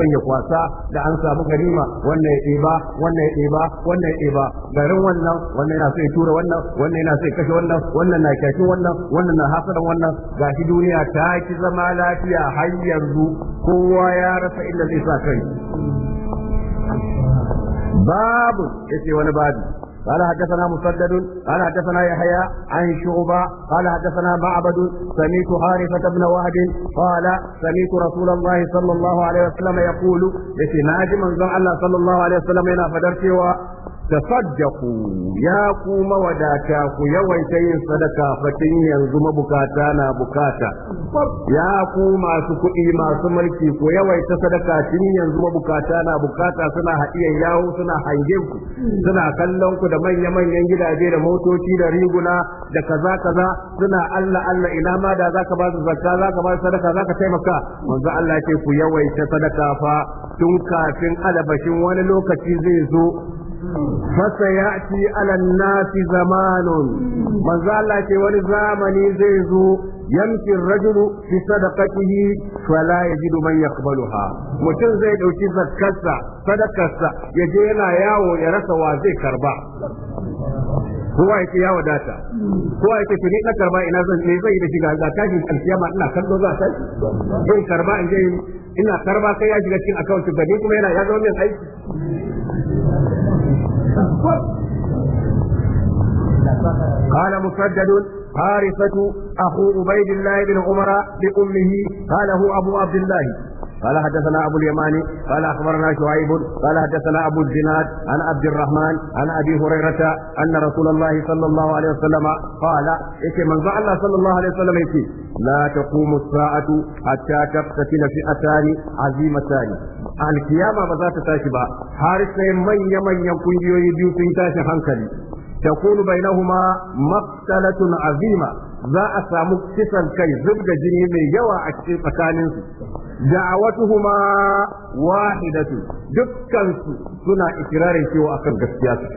son ya kwasa da an samu ganima wannan ya ɗiba wannan ya ɗiba wannan ya ɗiba garin wannan wannan yana so ya tura wannan wannan yana so ya kashe wannan wannan na kyakin wannan wannan na hasadan wannan gashi duniya ta ki zama lafiya har yanzu kowa ya rasa inda zai sa kai babu yace wani babu قال حدثنا مسدد قال حدثنا يحيى عن شعبة قال حدثنا معبد سميت حارثة بن وهب قال سميت رسول الله صلى الله عليه وسلم يقول لسناج من الله صلى الله عليه وسلم إلى فدرتي tasaddaqu ya ku mawadata ku yawaita yin sadaka fatin yanzu mabukata na bukata ya ku masu kuɗi masu mulki ku yawaita sadaka tun yanzu mabukata na bukata suna haɗiyan yawo suna hangen ku suna kallon ku da manya-manyan gidaje da motoci da riguna da kaza kaza suna Allah Allah ina ma da zaka ba su zakka zaka ba su sadaka zaka taimaka manzo Allah ce ku yawaita sadaka fa tun kafin alabashin wani lokaci zai zo فسيأتي على الناس زمان من زال كيوان زامني زيزو يمشي الرجل في صدقته فلا يجد من يقبلها mutum zai ɗauki zakkarsa sadakarsa ya je yana yawo ya rasa wa zai karba kowa yake ya wadata kowa yake tuni na karba ina zan ne zai yi da shiga ga tashin alkiyama ina kallo za ta zai karba in je ina karba kai ya shiga cikin akawunti ba kuma yana ya zama min aiki قال مسدد حارثة أخو عبيد الله بن عمر بأمه قاله أبو عبد الله قال حدثنا أبو اليماني قال أخبرنا شعيب قال حدثنا أبو الزناد عن عبد الرحمن عن أبي هريرة أن رسول الله صلى الله عليه وسلم قال إيش من الله صلى الله عليه وسلم يتي لا تقوم الساعة حتى تقتتل فئتان عزيمتان القيامة بذات تاشبا حارس من يمن يكون يبيو تنتاش هنكلي تكون بينهما مقتلة عظيمة za a samu kisan kai zub da jini mai yawa a cikin tsakaninsu Da a kuma wahidatu dukkansu suna ikirarin cewa akan gaskiya su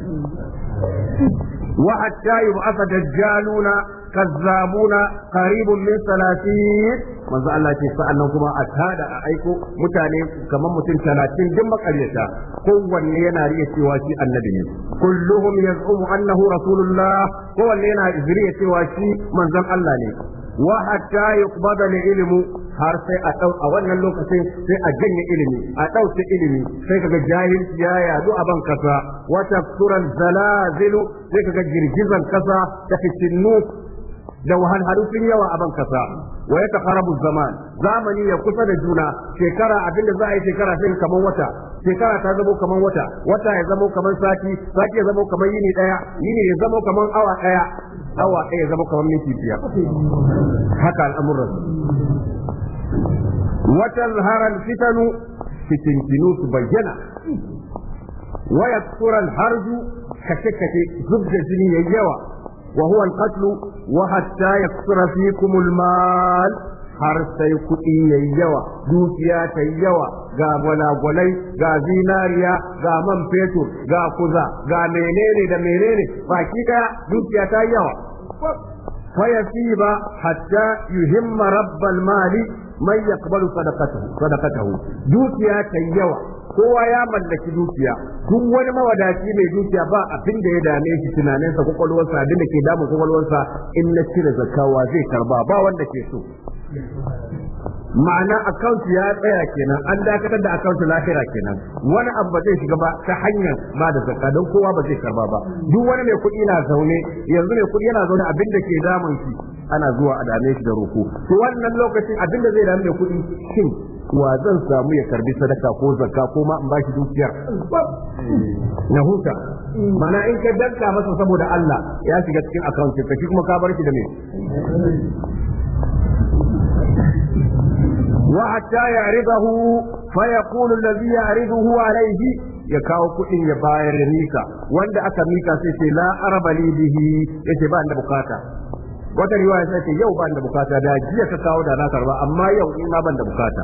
wa hatta yub'atha dajjaluna kazzabuna karibun min salatin manzo Allah ce sa'annan kuma a tada a aiko mutane kamar mutum talatin duk makaryata kowanne yana riya cewa shi annabi ne kulluhum yaz'umu annahu rasulullah kowanne yana riya cewa shi manzon Allah ne wa hatta yuqbada ilmu har sai a dau a wannan lokacin sai a janye ilimi a ɗauke ilimi sai kaga jahilci ya yadu a ban kasa wa tafsuran zalazilu sai kaga girgizan kasa ta fitinu da wahalhalu sun yawa a ban kasa wa ya taqarabu zaman zamani ya kusa da juna shekara abinda za a yi shekara sai kaman wata shekara ta zamo kaman wata wata ya zamo kaman sati sati ya zamo kaman yini daya yini ya zamo kaman awa daya awa daya ya zamo kaman minti biyar haka al'amuran wata zaharar fitanu fitintinu su bayyana waya tsoron harju kashe-kashe zub da jini yayi yawa وهو القتل وحتى يكثر فيكم المال har sai kuɗi ya yi yawa dukiya ta yi yawa ga gwalagwalai ga zinariya ga man fetur ga kuza ga menene da menene baki ɗaya dukiya ta yi yawa ba hatta yuhimma rabbal mali mai yaqbalu sadaqatahu sadaqatahu dukiya ta yi yawa kowa ya mallaki dukiya duk wani mawadaci mai dukiya ba abin da ya dame shi tunaninsa kwakwalwarsa abin da ke damun kwakwalwarsa in na cire zakawa zai karba ba wanda ke so ma'ana account ya tsaya kenan an dakatar da account lafiya kenan wani abu ba zai shiga ba ta hanyar ba da zakka don kowa ba zai karba ba duk wani mai kuɗi na zaune yanzu mai kuɗi yana zaune abin da ke damun shi ana zuwa a dame shi da roko to wannan lokacin abin da zai dame mai kuɗi shin wa zan samu ya karbi sadaka ko zakka ko ma in bashi dukiyar na huta mana in ka danka masa saboda Allah ya shiga cikin account ka shi kuma ka bar shi da me wa hatta ya'ridahu fa yaqulu alladhi ya'riduhu alayhi ya kawo kuɗin ya bayar da mika wanda aka mika sai ce la araba bihi yace ba da bukata wata riwaya sai ce yau ban da bukata da jiya ka kawo da na karba amma yau ina ban da bukata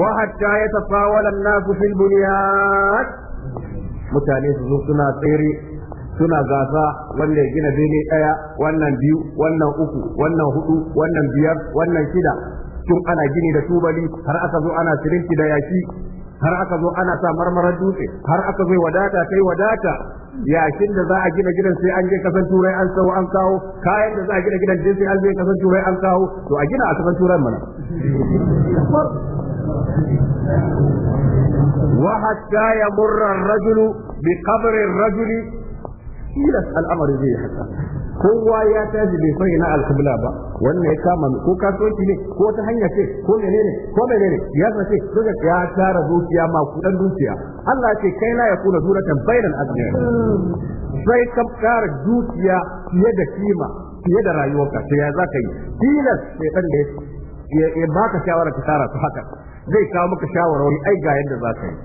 wa hatta yatafawala an-nasu fil bunyat mutane su suna tsere suna gasa wanda ya gina bene daya wannan biyu wannan uku wannan hudu wannan biyar wannan shida tun ana gini da tubali har aka zo ana sirinki da yashi, har aka zo ana sa marmarar dutse har aka zo wadata kai wadata yashin da za a gina gidan sai an je kasan turai an sau an kawo kayan da za a gina gidan sai an je kasan turai an kawo to a gina a kasan turai mana wa hatta ya murra ar-rajulu bi qabri ar-rajuli ila al-amr zai hatta kowa ya tashi bai san ina alkubla ba wannan ya kama ko kasuwanci ne ko ta hanya ce ko menene ko menene ya ce ko ga ya tara dukiya ma dan dukiya Allah ce kai la yakuna zuratan bainal azmi sai ka tara dukiya fiye da kima fiye da rayuwarka sai ya zaka yi tilas sai dan da ya baka shawara ka tara su haka zai kawo maka shawarwari ai ga yadda zaka yi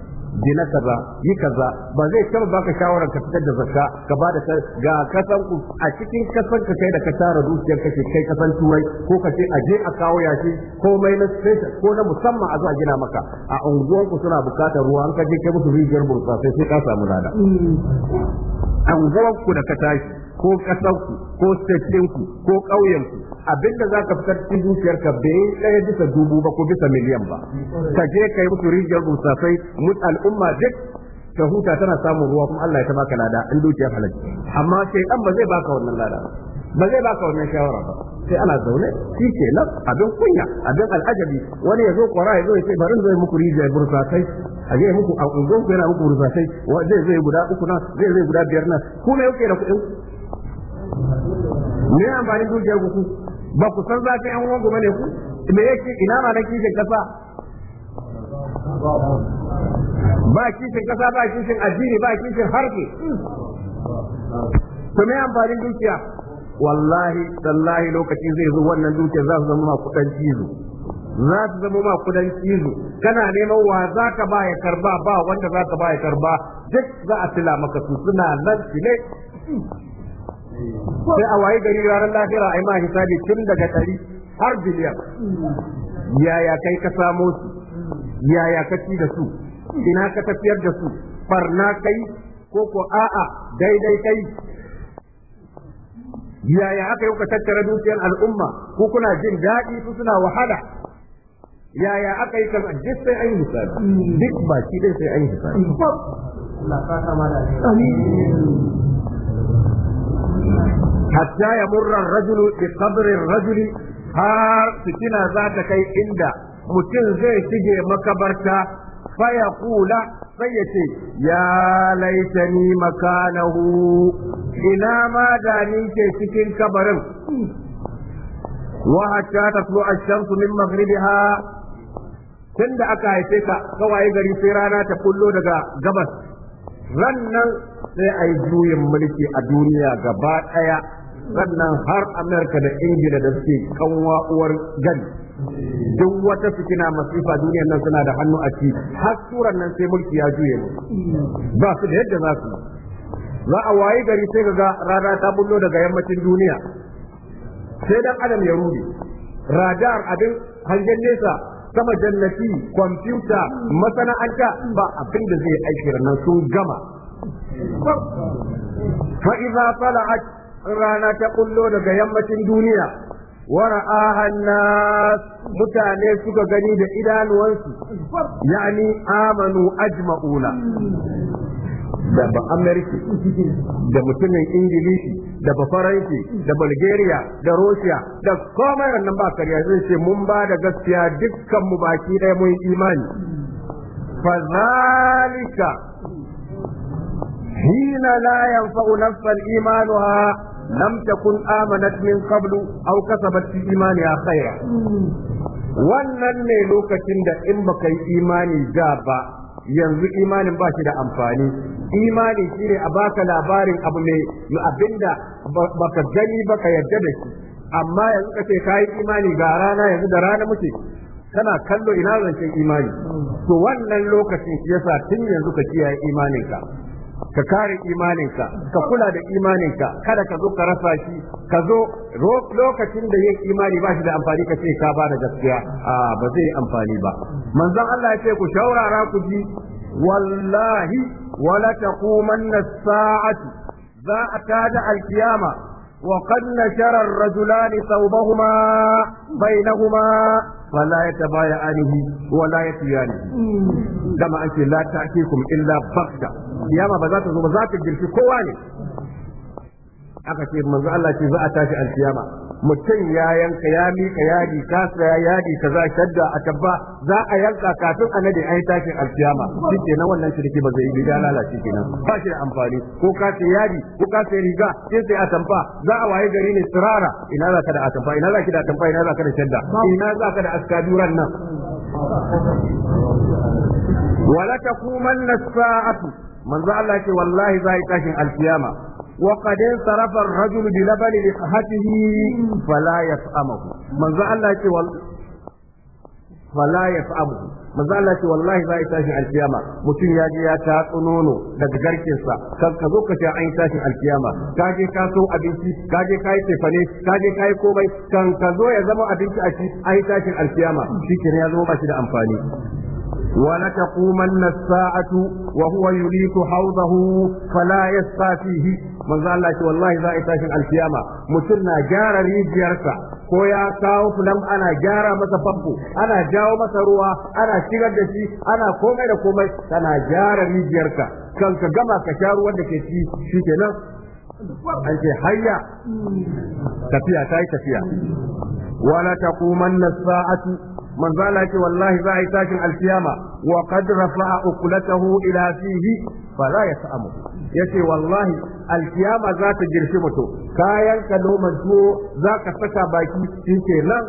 gina kaza yi kaza ba zai taba baka shawarar ka fitar da zakka ka bada ta ga kasan ku a cikin kasan ka kai da ka tara dukiyar kake kai kasan turai ko ka ce aje a kawo yashi ko mai na special ko na musamman a zuwa a gina maka a unguwar ku suna bukatar ruwa an ka je kai musu rijiyar burtsa sai sai ka samu lada mm. unguwar ku da ka tashi ko ƙasarku ko stakinku ko ƙauyenku abinda za ka fitar cikin zuciyarka bai ɗaya bisa dubu ba ko bisa miliyan ba ka je ka yi musu rijiyar rusafai mut al'umma duk ka huta tana samun ruwa kuma Allah ya ta baka lada in dukiyar halal amma sai ba zai baka wannan lada ba zai baka wannan shawara ba sai ana zaune shi ke nan abin kunya abin al'ajabi wani ya zo kwara ya zo ya ce bari zai muku rijiyar bursatai a zai muku a ungon ku yana muku bursatai zai zai guda uku na zai zai guda biyar na kuma yau ke da kuɗin me amfani dukiyar ku ba ku san zafin yan uwanku bane ku me yake ina ma na kishin kasa ba kishin kasa ba kishin addini ba kishin harfi to me amfani dukiya wallahi tallahi lokaci zai zo wannan dukiyar za su zama ma kudan cizo za su zama ma kudan cizo kana neman wa za ka ba ya karba ba wanda za ka ba ya karba duk za a tila maka su suna nan ne sai a waye gari ranar lahira a yi ma hisabi tun daga ɗari har biliyan yaya kai ka samo su yaya ka ci da su ina ka tafiyar da su farna kai ko ko a'a daidai kai yaya aka yi ka tattara dukiyar al'umma ko kuna jin daɗi su suna wahala yaya aka yi kan duk sai an yi hisabi duk baki dai sai an yi hisabi hatta ya murra rajulu bi qabrin rajuli har za ta kai inda mutum zai shige makabarta faya kula sai ya ce ya laitani makanahu ina ma da ni ke cikin kabarin wa hatta tatlu ash-shamsu min maghribiha tunda aka haife ka kawai gari sai rana ta kullo daga gabas rannan sai a yi juyin mulki a duniya gaba ɗaya sannan har Amerika da Ingila da suke kanwa uwar gari. duk wata fitina masifa duniyar nan suna da hannu a ci har turan nan sai mulki ya juye mu ba su da yadda za su za a wayi gari sai ga Rada ta bullo daga yammacin duniya sai dan adam ya rubi radar abin hangen nesa sama jannati kwamfuta masana'anta ba abin da zai aiki nan sun gama fa'iza idza rana ta kullo daga yammacin duniya wara ahanna mutane suka gani da idanuwansu yani amanu ajma'una da ba amerika da mutumin ingilishi da ba faransi da bulgaria da russia da komai wannan ba karya zai ce mun ba da gaskiya dukkan mu baki ɗaya mun imani fazalika hina la yanfa'u nafsan imanuha lam takun amanat min qablu aw kasabat fi imaniha wannan ne lokacin da in baka yi imani da ba yanzu imanin ba shi da amfani imani shine a baka labarin abu mai abinda baka gani baka yarda da shi amma yanzu ka ce kayi imani ga rana yanzu da rana muke kana kallo ina zancen imani to wannan lokacin yasa tun yanzu ka kiyaye imaninka ka kare imaninka ka kula da imaninka kada ka zo ka rasa shi ka zo lokacin da yin imani ba shi da amfani ka ce ka ba da gaskiya a ba zai amfani ba manzon Allah ya ce ku shaurara ku ji wallahi wala taqumanna sa'atu za a tada alkiyama wa qad nashara ar-rajulani thawbahuma bainahuma fala ya tabaya anihi wa la yatiyani dama ake la kum illa bakta kiyama ba za ta zo ba za ta girki kowa ne aka ce manzo Allah ce za a tashi alkiyama mutum ya yanka ya mika yadi ka saya yadi kaza shadda a tabba za a yanka kafin a nade ai tashin shi ke na wannan shirki ba zai yi ya lalace kenan ba shi da amfani ko ka yadi ko ka riga sai sai a tamfa za a waye gari ne sirara ina za ka da atamfa ina za ki da atamfa ina za ka da shadda ina za ka da askaduran nan wala takumanna sa'atu manzo Allah ce wallahi zai yi tashin alkiyama وقد انصرف الرجل بلبن لقحته فلا يفهمه من زعل فلا يفهمه manzo Allah ce wallahi za a yi tashin alkiyama mutum ya je ya ta nono daga garkin sa kan ka an yi tashin alkiyama ka ka yi tefane ka ka yi komai kan ka ya zama abinci a ci an yi tashin alkiyama shi ya zama ba shi da amfani ولتقومن الساعة وهو يليك حوضه فلا يسقى فيه من قال لك والله ذا إتاشن القيامة مترنا جار ريجيرسا ko ya kawo fulam ana gyara masa famfo ana jawo masa ruwa ana shigar da shi ana komai da komai tana gyara rijiyarka kan ka gama ka sha ruwan da ke ci shi kenan an ce hayya tafiya ta yi tafiya wala taqumanna sa'atu manzo Allah ce wallahi za a yi tashin alkiyama wa qad rafa'a uqlatahu ila fihi fala yasamu yace wallahi alkiyama za ta girshi mutum kayan ka noman tuwo za ka saka baki shi nan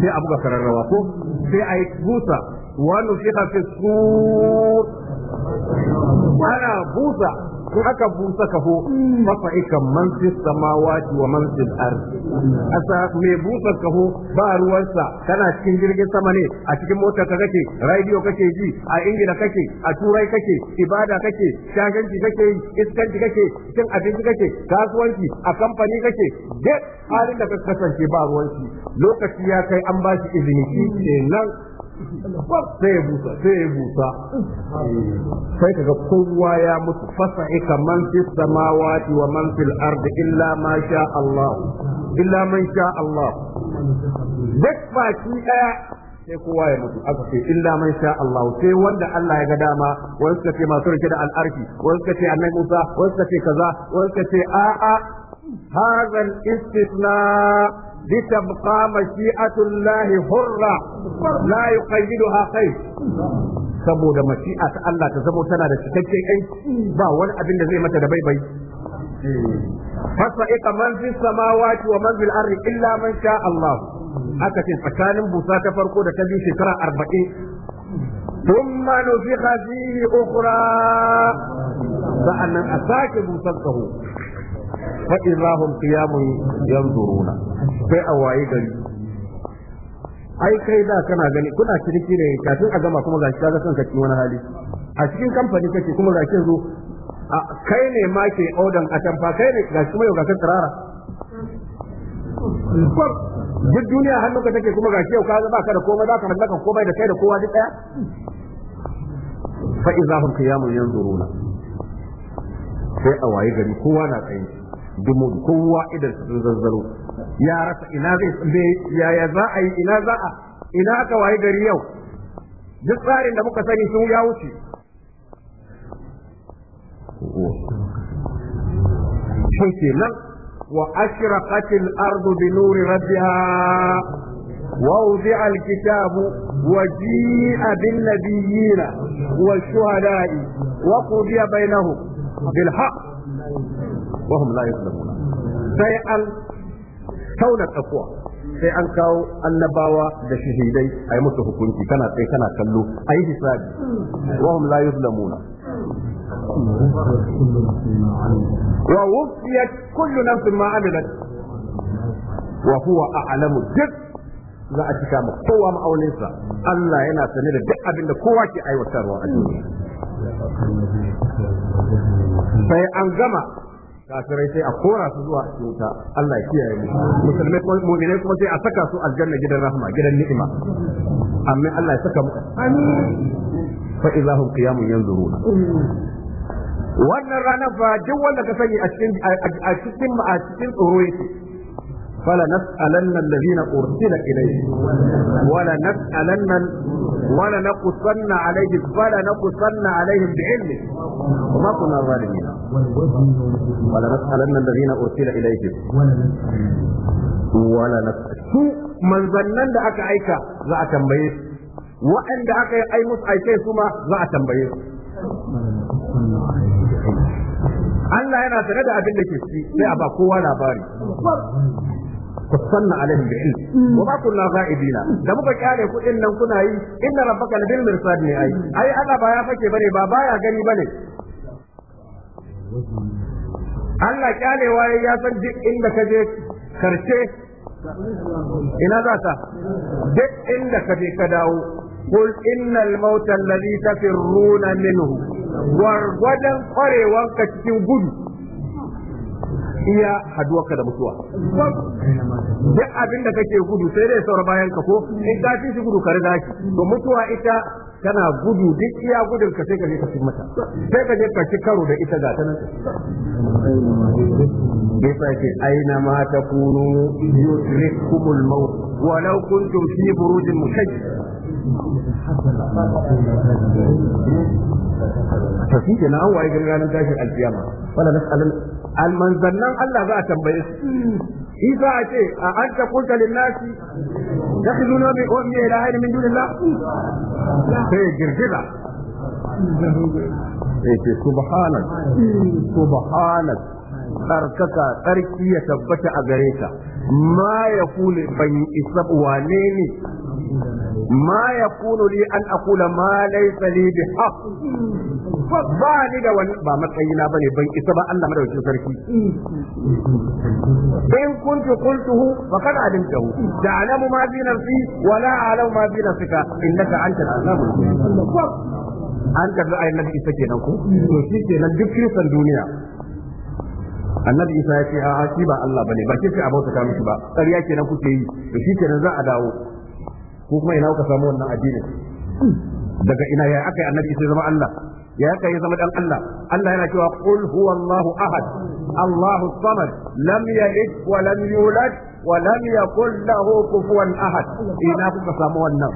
sai abu ga kararrawa ko sai a yi busa wani fi hafi su ana busa in aka busa kaho mafa'ikan man fi samawati wa man fil asa mai busa kaho ba ruwansa kana cikin jirgin sama ne a cikin mota ka kake radio kake ji a ingila kake a turai kake ibada kake shaganci kake iskanci kake cin abinci kake kasuwanci a kamfani kake duk halin da ka kasance ba ruwanci lokaci ya kai an ba shi izini shi nan sai ya busa sai ya busa sai kaga kowa ya mutu ika man fi samawati wa man fil ardi illa ma sha Allah illa man sha Allah duk shi daya sai kowa ya mutu aka ce illa man sha Allah sai wanda Allah ya ga dama wani suka ce masu rike da al'arki wani suka ce annabi Musa wani suka ce kaza wani suka ce a'a hadha al-istisna yi مشيئة الله حرة لا يقيدها قيد saboda mashi'a ta Allah ta zamo tana da cikakken aiki ba wani abin da zai mata da bai-bai. ika man fi samawati wa man fil illa man sha Allah aka ce tsakanin busa ta farko da ta biyu shekara arba'in. thumma nufikha fihi ukhra sa'annan a sake busar tsaho. fa idahum yan yanzuruna sai a waye gari ai kai da kana gani kuna ciniki ne kafin a gama kuma gashi kaga son ka wani hali a cikin kamfani kake kuma gashi yanzu kai ne ma ke odan a tamfa kai ne gashi kuma yau gashi tsirara duk duniya hannunka take kuma gashi yau ka ba ka da komai za ka mallaka komai da kai da kowa duk daya fa idza hum qiyamun yanzuruna sai a waye gari kowa na tsaye dumu kowa idan su zazzaro ya rasa ina zai yaya za a yi ina za a ina aka waye gari yau duk tsarin da muka sani sun ya wuce shi nan wa ashraqatil ardu bi nuri rabbiha ووضع الكتاب وجيء بالنبيين والشهداء وقضي بينهم بالحق wa hum la yuzlamuna sai an tauna tsakuwa sai an kawo annabawa da shahidai a yi musu hukunci kana tsaye kana kallo a yi hisabi wa hum la yuzlamuna wa wufiyat kullu nafsin ma amilat wa huwa a'lamu duk za a cika kowa ma'auninsa Allah yana sane da duk abin da kowa ke aiwatarwa a sai an gama kafirai sai a kora su zuwa cikin Allah ya kiyaye mu musulmai ko mu'minai kuma sai a saka su aljanna gidan rahma gidan ni'ima amma Allah ya saka mu amin fa idahum qiyamun yanzuruna wannan rana fa duk wanda ka sani a cikin a cikin a cikin tsoro yake fala nas'alanna alladhina ursila ilayhi wala nas'alanna wala naqussanna alayhim وما كنا ظالمين ولا الذين أرسل إليهم ولا نسأل su manzannan da aka aika za tambaye su waɗanda aka yi ai ma tambaye su Allah yana sanar da abin da ke ci sai a ba kowa labari kusanna alaihim bil ilm ma kunna ghaibina da muka kyare kuɗin nan kuna yi inna rabbaka labil mirsad ne ai ai Allah ba ya fake bane ba baya gani bane Allah kyalewa ya san duk inda ka je karshe ina za ta duk inda ka je ka dawo قل إن الموت الذي تفرون منه gwargwadon kwarewanka cikin gudu iya haduwarka da mutuwa duk abin da kake gudu sai dai saura bayan ka ko in ka ci gudu ka riga shi to mutuwa ita tana gudu duk iya gudun ka sai ka je ka ci mata sai ka je ka ci karo da ita ga ta nan bisa ke aina ma ta kunu yudrikumul maut walau kuntum fi burujin mushajjal to shi kenan an waye gari ranar tashin alkiyama wala nas'alan almanzannan Allah za a tambaye su shi za a ce a anta qulta lin nasi takhuduna bi ummi ila hayri min dunillah sai girgiza sai ce subhanak subhanak tsarkaka tsarki ya tabbata a gare ka ma ya kule ban isa wane ne ما يكون لي أن أقول ما ليس لي بحق ba ni da wani ba matsayi na bane ban isa ba Allah madaukakin sarki in kuntu qultuhu faqad alimtahu alamu ma fi nafsi wa la a'lamu ma fi nafsika innaka anta alamu an da ayyana nabi isa kenan ko to shi kenan duk kristan duniya annabi isa ya ce a shi ba Allah bane ba kike a bauta ta miki ba ƙarya kenan kuke yi to shi kenan za a dawo ko kuma ina kuka samu wannan addini daga ina ya aka yi annabi isa zama Allah ya haka ya zama dan Allah Allah yana cewa qul huwallahu ahad Allahu samad lam yalid wa lam yulad wa lam yakul lahu kufuwan ahad ina kuka samu wannan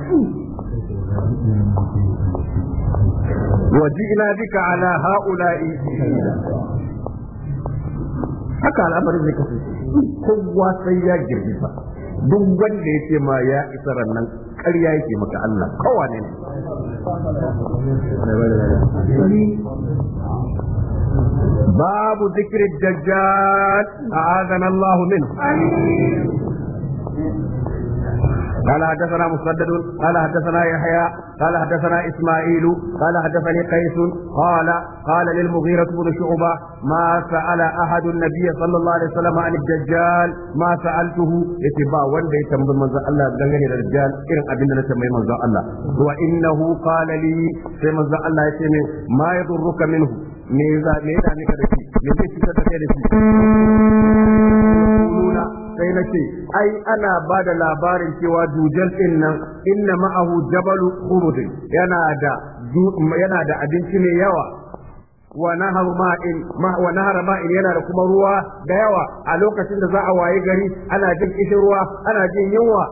وجئنا بك على هؤلاء haka al'amarin zai kafi. kowa sai ya girgiza duk wanda ya ce ma ya isa rannan ƙarya yake maka Allah kowane ne Babu zikirin الدجال a azanan منه قال حدثنا مسدد قال حدثنا يحيى قال حدثنا إسماعيل قال حدثني قيس قال قال للمغيرة بن شعبة ما سأل أحد النبي صلى الله عليه وسلم عن الدجال ما سألته يتبا وندي تنبي من الله دنگني الدجال إن أبن نتمي من الله وإنه قال لي في من الله يتمي ما يضرك منه ميزا ميزا نكدك ميزا تتكدك sai na ce ai ana ba da labarin cewa dujen din nan inna ma'ahu jabalu khurud yana da yana da abinci mai yawa wa nahar ma'in wa nahar ma'in yana da kuma ruwa da yawa a lokacin da za a waye gari ana jin kishin ruwa ana jin yunwa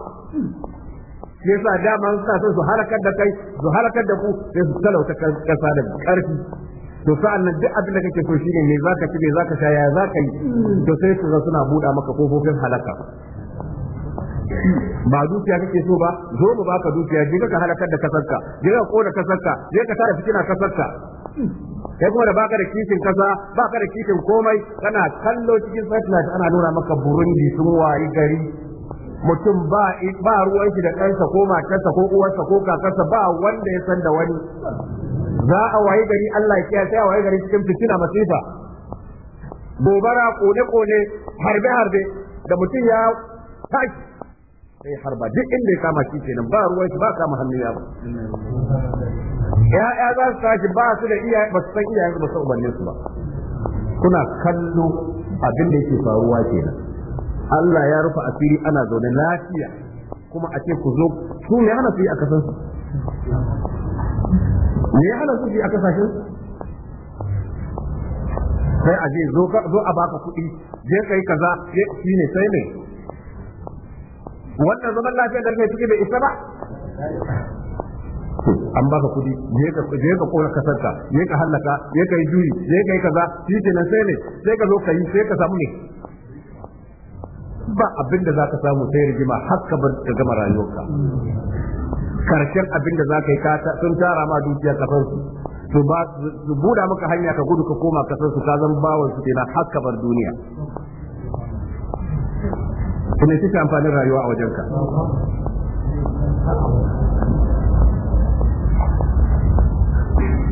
Sai sa dama suna son su halakar da kai su halakar da ku sai su talauta kasa da karfi to sa'an nan duk abin da kake so shine me zaka ci me zaka sha ya zaka yi to sai su suna buɗa maka kofofin halaka ba dukiya kake so ba zo mu baka dukiya je ka halakar da kasarka je ka kona kasarka je ka tara fitina kasarka kai kuma da baka da kishin kasa baka da kishin komai kana kallo cikin satellite ana nuna maka burundi sun wayi gari mutum ba ba ruwan shi da kansa ko matarsa ko uwarsa ko kakarsa ba wanda ya san da wani za a waye gari Allah ya kiyaye a waye gari cikin fitina masifa gobara kone kone harbe harbe da mutum ya tashi sai harba duk inda ya kama shi kenan ba ruwan ba kama hannu ya ba ya'ya za su tashi ba su da iyaye ba su san iyaye ba su ubannin su ba kuna kallo abin da yake faruwa kenan Allah ya rufe asiri ana zaune lafiya kuma a ce ku zo su ne hana su a kasansu me ya hana su a kasashen sai a je zo a baka kuɗi je kai kaza shi ne sai ne wannan zaman lafiya da kai suke bai isa ba an baka kuɗi zai ka je ka kora kasarka je ka hallaka je ka yi juyi je ka yi kaza shi ke nan sai ne sai ka zo ka yi sai ka samu ne ba abin da za ka samu sai rigima har ka bar ka gama rayuwarka karshen abin da za ka yi sun tara ma dukiyar kasansu su ba su buɗa maka hanya ka gudu ka koma kasansu ka zan bawon su kenan har ka bar duniya kuma kike amfanin rayuwa a wajenka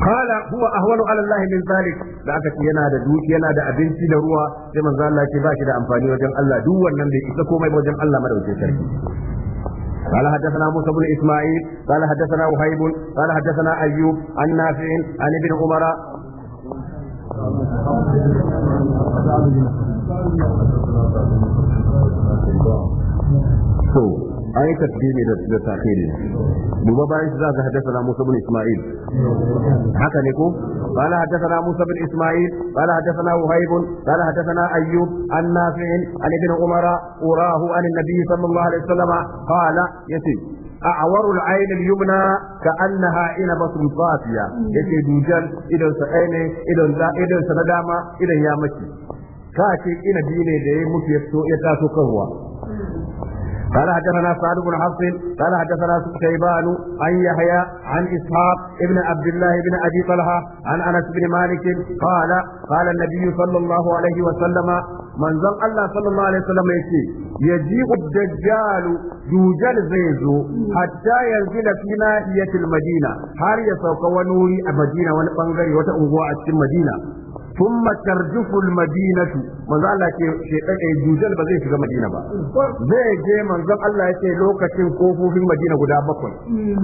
kala huwa ahwalu ala Allah min zalik da aka ce yana da duki yana da abinci da ruwa sai manzo Allah ce ba shi da amfani wajen Allah duk wannan da ita komai wajen Allah madaukakin sarki قال حدثنا موسى بن اسماعيل قال حدثنا وهيب قال حدثنا ايوب عن نافع عن ابن عمر So an yi da da tasiri duba bayan shi za ka haddasa Musa bin Isma'il haka ne ko qala haddathana Musa bin Isma'il qala haddathana Uhayb qala haddathana Ayyub an Ali bin Umar urahu an nabi sallallahu alaihi wasallam qala yati أعور العين اليمنى كأنها إلى بصر صافية يتي دوجان إلى سعيني إلى إلى سندامة إلى يامتي كاكي إلى ديني دي ya يتاسو قهوة قال حدثنا سعد بن حفص قال حدثنا شيبان عن يحيى عن اسحاق ابن عبد الله بن ابي طلحه عن انس بن مالك قال قال النبي صلى الله عليه وسلم من زن الله صلى الله عليه وسلم يجي يجيء الدجال دوجل زيزو حتى ينزل في ناحية المدينة هل يسوق ونوري المدينة ونبنغري وتأوغوا المدينة ثم ترجف المدينة من ذا الله شيطان جوجل بزي شيغا مدينة با زي جي من ذا الله يتي لوكاشين كوفوفين مدينة غدا bakwai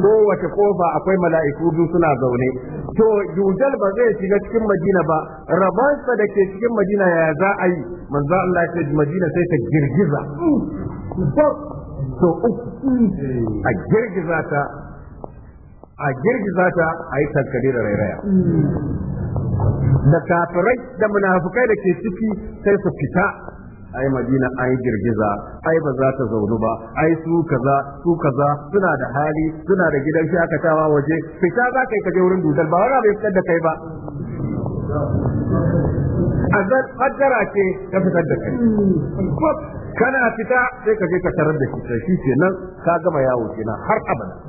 kowace ƙofa akwai mala'iku suna zaune to jujal ba zai shiga cikin madina ba rabansa da ke cikin madina ya za a yi manzo Allah ya ce madina sai ta girgiza so uku a girgiza ta a girgiza ta a yi tankare da rairaya da kafirai da munafukai da ke ciki sai su fita ai madina ai girgiza ai ba za ta zaunu ba ai su kaza su kaza suna da hali suna da gidan shakatawa waje fita za ka yi kaje wurin dudar ba wani bai fitar da kai ba zan hajjara ce ta fitar da kai kana fita sai ka je ka tarar da shi shi kenan ka gama yawo kenan har abada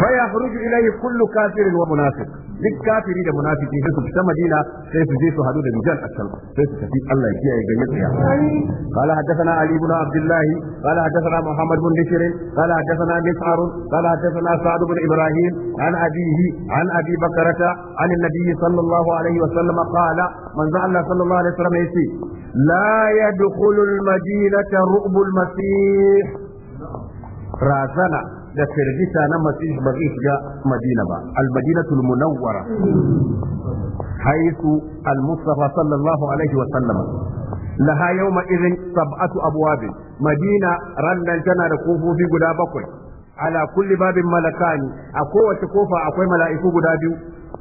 فيخرج إليه كل كافر ومنافق duk kafiri da munafiki sai su fita Madina sai su je su hadu da Rijal Asal sai su tafi Allah ya kiyaye gare su qala hadathana Ali ibn Abdullah qala hadathana Muhammad ibn Bishr qala hadathana Mis'ar qala hadathana Sa'd ibn Ibrahim an abihi an Abi Bakrata an an-nabi sallallahu alaihi wa sallam qala man za'alla sallallahu alaihi wa sallam yasi la yadkhulu al-madinata ru'bul masih razana da firgita na masih ba zai shiga madina ba al munawwara haitu al-mustafa sallallahu alaihi wa sallama laha yawma idhin sab'atu abwab madina randan tana da kofofi guda bakwai ala kulli babin malakani a kowace kofa akwai mala'iku guda biyu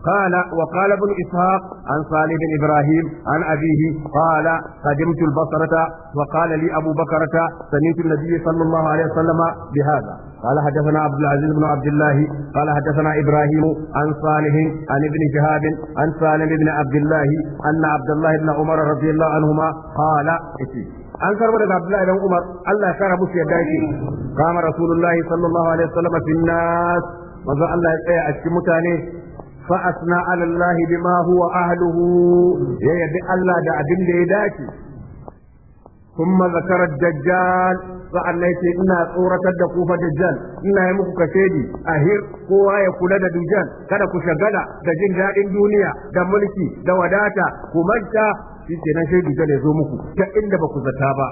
قال وقال ابن إسحاق عن صالح بن إبراهيم عن أبيه قال قدمت البصرة وقال لي أبو بكرة سمعت النبي صلى الله عليه وسلم بهذا قال حدثنا عبد العزيز بن عبد الله قال حدثنا إبراهيم عن صالح عن ابن شهاب عن سالم بن عبد الله أن عبد الله بن عمر رضي الله عنهما قال an karbo daga Abdullahi dan Umar Allah ya kara musu yadda yake kama Rasulullahi sallallahu alaihi wasallam fi nas manzo Allah ya tsaya a cikin mutane فأثنى على الله بما هو أهله يبي الله دا أبن ديداتي ثم ذكر الدجال فأنا يتي إنا صورة الدقوفة دجال إنا يمكو كسيدي أهير قوة يقول دا دجال كان كشغلا دا جنجاء الدنيا دا ملكي دا وداتا كمجتا يتي نشي دجال يزومكو كإن دا بكو زتابا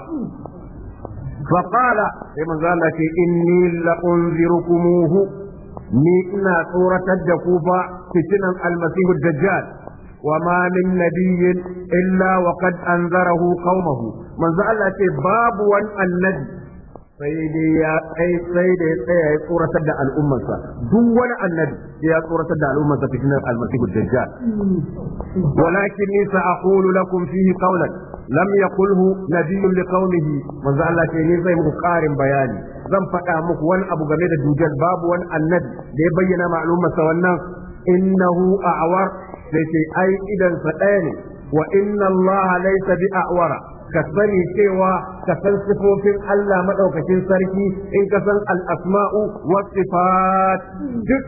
فقال لمن قال إني لأنذركموه ni ina tsoratar da ku fa fitinan almasihu dajjal وما من نبي إلا وقد أنذره قومه من زعل باب Allah ce babu ya annabi sai da ya tsaya ya tsoratar da al'ummarsa duk wani annabi ya tsoratar da al'ummarsa cikin almasihu dajjal walakin ni sa'qulu lakum fihi qawlan lam yaqulhu nabiyyun liqaumihi manzo Allah ce ne zai muku karin bayani zan faɗa muku wani abu game da dujal babu wani annabi da ya bayyana ma'lumarsa wannan innahu a'war sai ce ai sa ɗaya ne wa inna allaha laysa bi a'wara ka sani cewa ka san sifofin Allah madaukakin sarki in ka san al-asma'u was sifat duk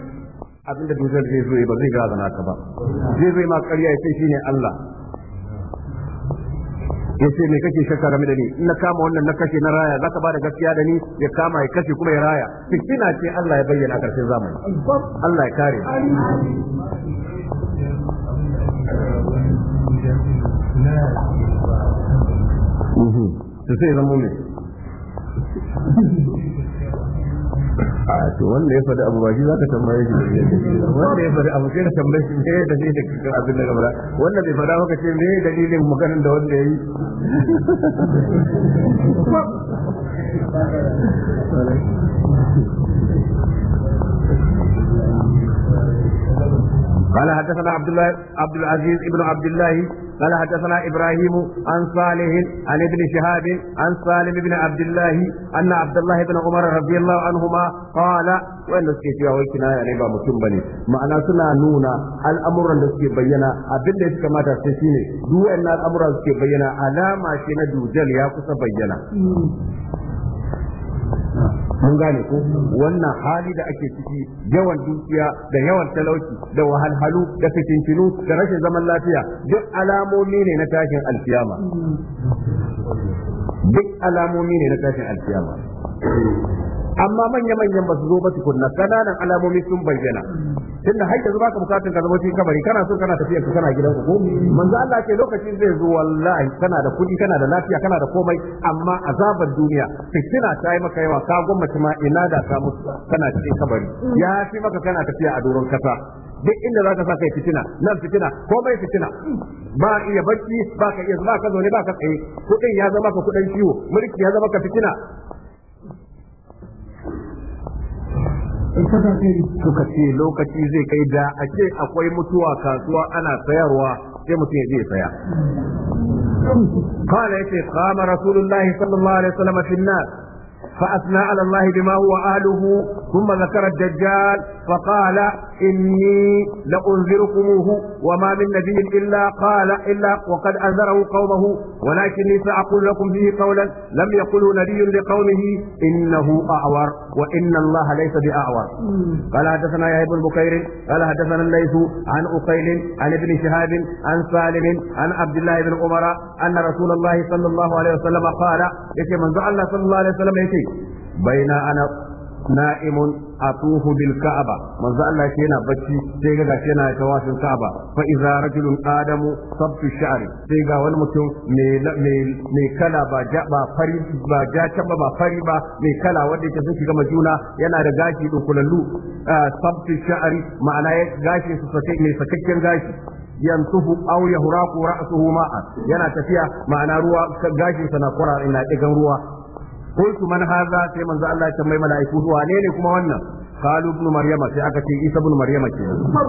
abinda dujal zai zo ba zai gazana ka ba zai zo ma ƙarya ya ce shine Allah ce me kake shakka game da ni in na kama wannan na kashe na raya za zaka bada gaskiya da ni ya kama ya kashe kuma ya raya fitina ce Allah ya bayyana a karshen zamani Allah ya kare mhm. to sai ne to wanda ya faɗi abu ba shi zaka tambaye shi wanda ya faɗi abu sai ka tambaye shi me da zai da abin da gaba wanda bai faɗa maka ce me dalilin maganar da wanda yayi قال حدثنا عبد الله عبد العزيز ابن عبد الله قال حدثنا إبراهيم عن صالح عن ابن شهاب عن سالم بن عبد الله أن عبد الله بن عمر رضي الله عنهما قال وين suke cewa wai kinaya ne ba mutum bane ma'ana suna nuna al'amuran da suke bayyana abin da ya kamata sai shine duk wannan al'amuran suke bayyana alama ce na dujal ya kusa bayyana mun gane ko wannan hali da ake ciki yawan dukiya da yawan talauci da wahalhalu da fitintinu da rashin zaman lafiya duk alamomi ne na tashin alfiyama. duk alamomi ne na tashin amma manya manyan ba su zo ba tukunna kananan alamomi sun bayyana tunda har yanzu baka bukatun ka zama cikin kabari kana so kana tafiya kana gidan ku manzo Allah ce lokacin zai zo wallahi kana da kudi kana da lafiya kana da komai amma azabar duniya fitina ta yi maka yawa ka gwamnati ma ina da ka musu kana cikin kabari ya fi maka kana tafiya a doron kasa duk inda za ka sa kai fitina nan fitina komai fitina ba iya bacci ba ka iya ba ka zaune ba ka tsaye kudin ya zama ka kudin ciwo mulki ya zama ka fitina suka lokaci zai kai da a ce akwai mutuwa kasuwa ana sayarwa sai mutum ya je saya قال ya ce, رسول الله صلى الله عليه وسلم في النار فأثنى على الله بما هو أهله ثم ذكر الدجال فقال إني لأنذركموه وما من نبي إلا قال إلا وقد أنذره قومه ولكني سأقول لكم فيه قولا لم يقله نبي لقومه إنه أعور وإن الله ليس بأعور قال حدثنا يا ابن بكير قال حدثنا الليث عن أقيل عن ابن شهاب عن سالم عن عبد الله بن عمر أن رسول الله صلى الله عليه وسلم قال يكي من الله صلى الله عليه وسلم يكي baina ana na'imun atuhu bil ka'aba manzo Allah yake yana bacci sai ga gashi yana tawafin ka'aba fa idza rajulun adamu sabtu sha'ri sai ga wani mutum mai kala ba ja ba fari ba ja ta ba fari ba mai kala wanda yake sun gama juna yana da gashi dunkulallu sabtu sha'ri ma'ana gashi su sake mai sakakken gashi yantuhu aw yahraqu ra'suhu ma'a yana tafiya ma'ana ruwa gashin sa na kura ina digan ruwa qultu man hadha sai manzo Allah ya tambayi mala'iku wane ne kuma wannan قالوا ابن مريم sai aka ce Isa ibn Maryama ke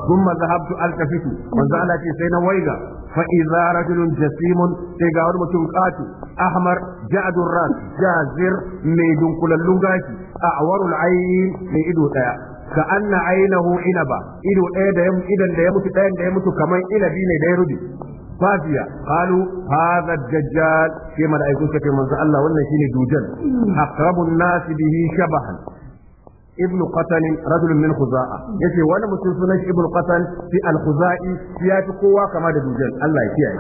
kuma zahabtu altafitu manza Allah sai na waiga fa idza rajulun jasimun sai ga mutum katu ahmar Ja'adun, ras jazir mai dunkulallun gashi a'warul ayn mai ido daya ka anna aynahu inaba ido daya da idan da ya mutu dayan da mutu kamar inabi ne da ya صافية قالوا هذا الدجال كما لا يقول كما انزل الله وانا شيني دوجل أقرب الناس به شبها ابن قتل رجل من خزاعة يسي وانا متنسونش ابن قتل في الخزائي في قوة كما دوجل الله يكيه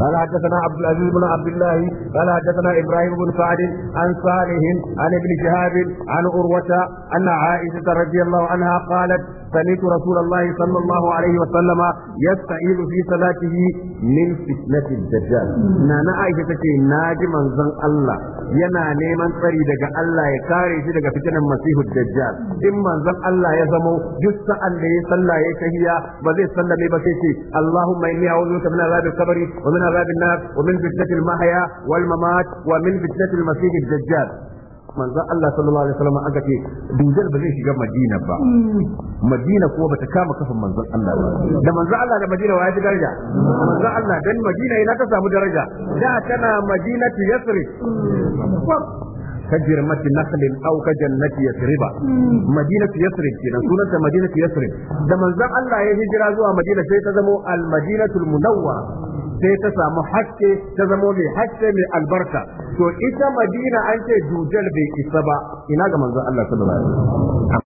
قال حدثنا عبد العزيز بن عبد الله قال حدثنا ابراهيم بن سعد عن صالح عن ابن شهاب عن عروة أن عائشة رضي الله عنها قالت سمعت رسول الله صلى الله عليه وسلم يستعيذ في صلاته من فتنة الدجال نانا عائشة تكي ناجي من زن الله ينا نيمان تري دقا الله يكاري شي دقا فتنة المسيح الدجال إما زن الله يزمو جس اللي صلى يشهيا وزي صلى ببكيتي اللهم إني أعوذ بك من عذاب القبر ومن عذاب النار ومن فتنة المحيا والممات ومن فتنة المسيح الدجال manzon Allah sallallahu alaihi wasallam aka ce dujal ba zai shiga Madina ba hmm. Madina kuwa bata kama kafin manzon Allah ba da manzon Allah da Madina wa ya fi daraja manzon Allah dan Madina yana ta samu daraja da tana Madinatu Yathrib كجرمة نخل أو كجنة يثرب مدينة يثرب كنا سورة مدينة يثرب ده zuwa الله sai ta zamo Al المدينة المنورة sai ta samu haske ta zamo mai haske mai albarka to ita madina an ce dujal bai isa ba ina ga manzon Allah sallallahu alaihi wasallam